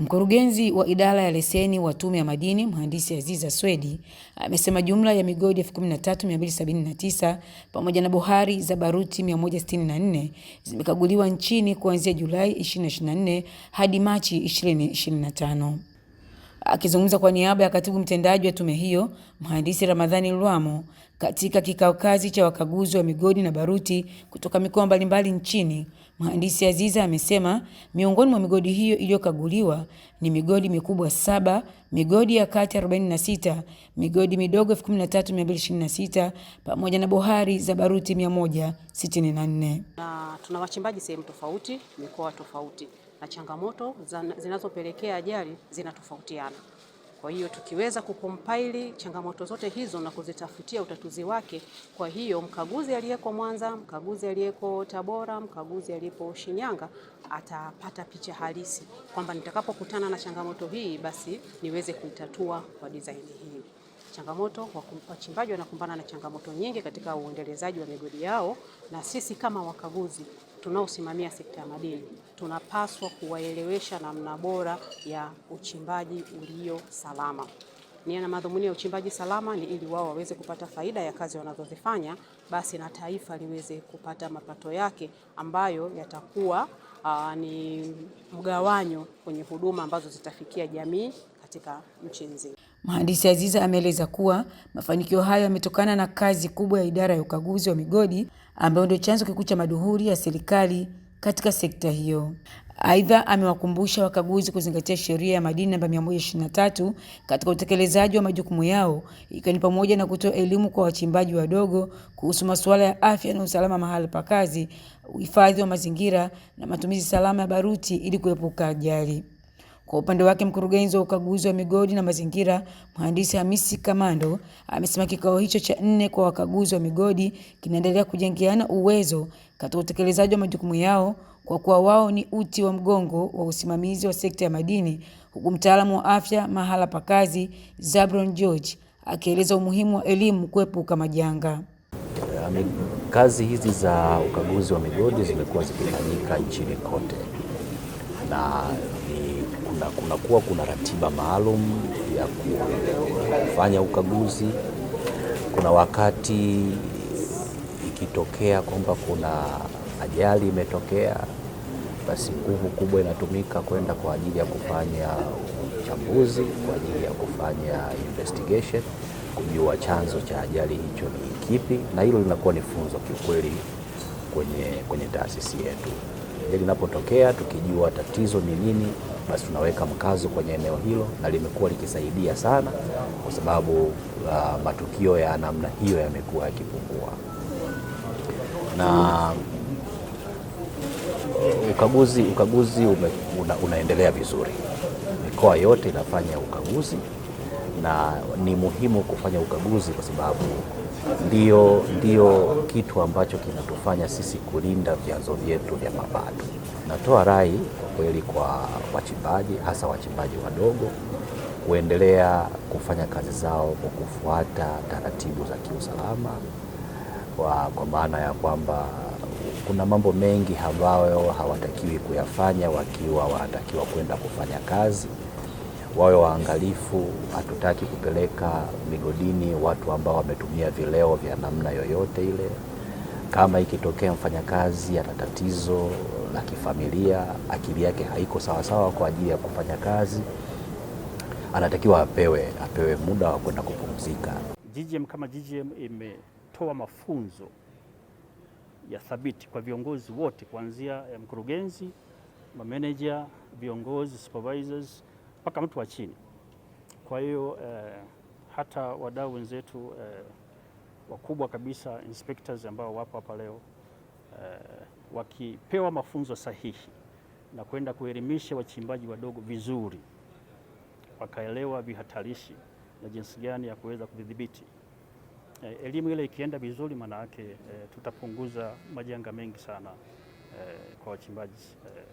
Mkurugenzi wa idara ya leseni wa Tume ya Madini, Mhandisi Aziza Swedi, amesema jumla ya migodi 13279 pamoja na bohari za baruti 164 zimekaguliwa nchini kuanzia Julai 2024 hadi Machi 2025. Akizungumza kwa niaba ya katibu mtendaji wa tume hiyo, Mhandisi Ramadhani Lwamo, katika kikao kazi cha wakaguzi wa migodi na baruti kutoka mikoa mbalimbali nchini Mhandisi Aziza amesema miongoni mwa migodi hiyo iliyokaguliwa ni migodi mikubwa saba, migodi ya kati 46, migodi midogo 13226 pamoja na bohari za baruti 164. Na tuna wachimbaji sehemu tofauti, mikoa tofauti, na changamoto zinazopelekea ajali zinatofautiana. Kwa hiyo tukiweza kukompaili changamoto zote hizo na kuzitafutia utatuzi wake, kwa hiyo mkaguzi aliyeko Mwanza, mkaguzi aliyeko Tabora, mkaguzi aliyepo Shinyanga atapata picha halisi kwamba nitakapokutana na changamoto hii, basi niweze kuitatua kwa design hii. Changamoto, wachimbaji wanakumbana na changamoto nyingi katika uendelezaji wa migodi yao, na sisi kama wakaguzi tunaosimamia sekta ya madini tunapaswa kuwaelewesha namna bora ya uchimbaji ulio salama. Nia na madhumuni ya uchimbaji salama ni ili wao waweze kupata faida ya kazi wanazozifanya, basi na taifa liweze kupata mapato yake ambayo yatakuwa aa, ni mgawanyo kwenye huduma ambazo zitafikia jamii katika nchi nzima. Mhandisi Aziza ameeleza kuwa mafanikio hayo yametokana na kazi kubwa ya idara ya ukaguzi wa migodi ambayo ndio chanzo kikuu cha maduhuri ya serikali katika sekta hiyo. Aidha, amewakumbusha wakaguzi kuzingatia sheria ya madini namba 123 katika utekelezaji wa majukumu yao ikiwa ni pamoja na kutoa elimu kwa wachimbaji wadogo kuhusu masuala ya afya na usalama mahali pa kazi, uhifadhi wa mazingira na matumizi salama ya baruti ili kuepuka ajali. Kwa upande wake mkurugenzi wa ukaguzi wa migodi na mazingira mhandisi Hamisi Kamando amesema kikao hicho cha nne kwa wakaguzi wa migodi kinaendelea kujengeana uwezo katika utekelezaji wa majukumu yao kwa kuwa wao ni uti wa mgongo wa usimamizi wa sekta ya madini, huku mtaalamu wa afya mahala pa kazi Zabron George akieleza umuhimu wa elimu kuepuka majanga. Kazi hizi za ukaguzi wa migodi zimekuwa zikifanyika nchini kote na kunakuwa kuna, kuna ratiba maalum ya kufanya ukaguzi. Kuna wakati ikitokea kwamba kuna ajali imetokea, basi nguvu kubwa inatumika kwenda kwa ajili ya kufanya uchambuzi, kwa ajili ya kufanya investigation, kujua chanzo cha ajali hicho ni kipi, na hilo linakuwa ni funzo kiukweli kwenye, kwenye taasisi yetu. Ajali inapotokea tukijua tatizo ni nini basi tunaweka mkazo kwenye eneo hilo, na limekuwa likisaidia sana kwa sababu uh, matukio ya namna hiyo yamekuwa yakipungua. Na ukaguzi ukaguzi ume, una, unaendelea vizuri, mikoa yote inafanya ukaguzi na ni muhimu kufanya ukaguzi kwa sababu ndio, ndio kitu ambacho kinatufanya sisi kulinda vyanzo vyetu vya mapato. Natoa rai kwa kweli kwa wachimbaji, hasa wachimbaji wadogo kuendelea kufanya kazi zao kwa kufuata taratibu za kiusalama kwa, kwa maana ya kwamba kuna mambo mengi ambayo hawatakiwi kuyafanya wakiwa wanatakiwa kwenda kufanya kazi wawe waangalifu. Hatutaki kupeleka migodini watu ambao wametumia vileo vya namna yoyote ile. Kama ikitokea mfanyakazi ana tatizo la kifamilia, akili yake haiko sawasawa kwa ajili ya kufanya kazi, anatakiwa apewe apewe muda wa kwenda kupumzika. GGM kama GGM imetoa mafunzo ya thabiti kwa viongozi wote kuanzia mkurugenzi, mameneja, viongozi, supervisors mpaka mtu wa chini. Kwa hiyo eh, hata wadau wenzetu eh, wakubwa kabisa inspectors ambao wapo hapa leo eh, wakipewa mafunzo sahihi na kwenda kuelimisha wachimbaji wadogo vizuri, wakaelewa vihatarishi na jinsi gani ya kuweza kudhibiti eh, elimu ile ikienda vizuri, maana yake eh, tutapunguza majanga mengi sana eh, kwa wachimbaji eh,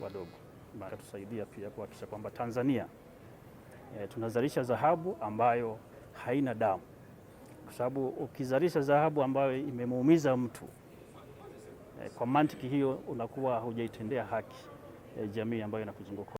wadogo ikatusaidia pia kuhakikisha kwamba Tanzania e, tunazalisha dhahabu ambayo haina damu, kwa sababu ukizalisha dhahabu ambayo imemuumiza mtu e, kwa mantiki hiyo unakuwa hujaitendea haki e, jamii ambayo inakuzunguka.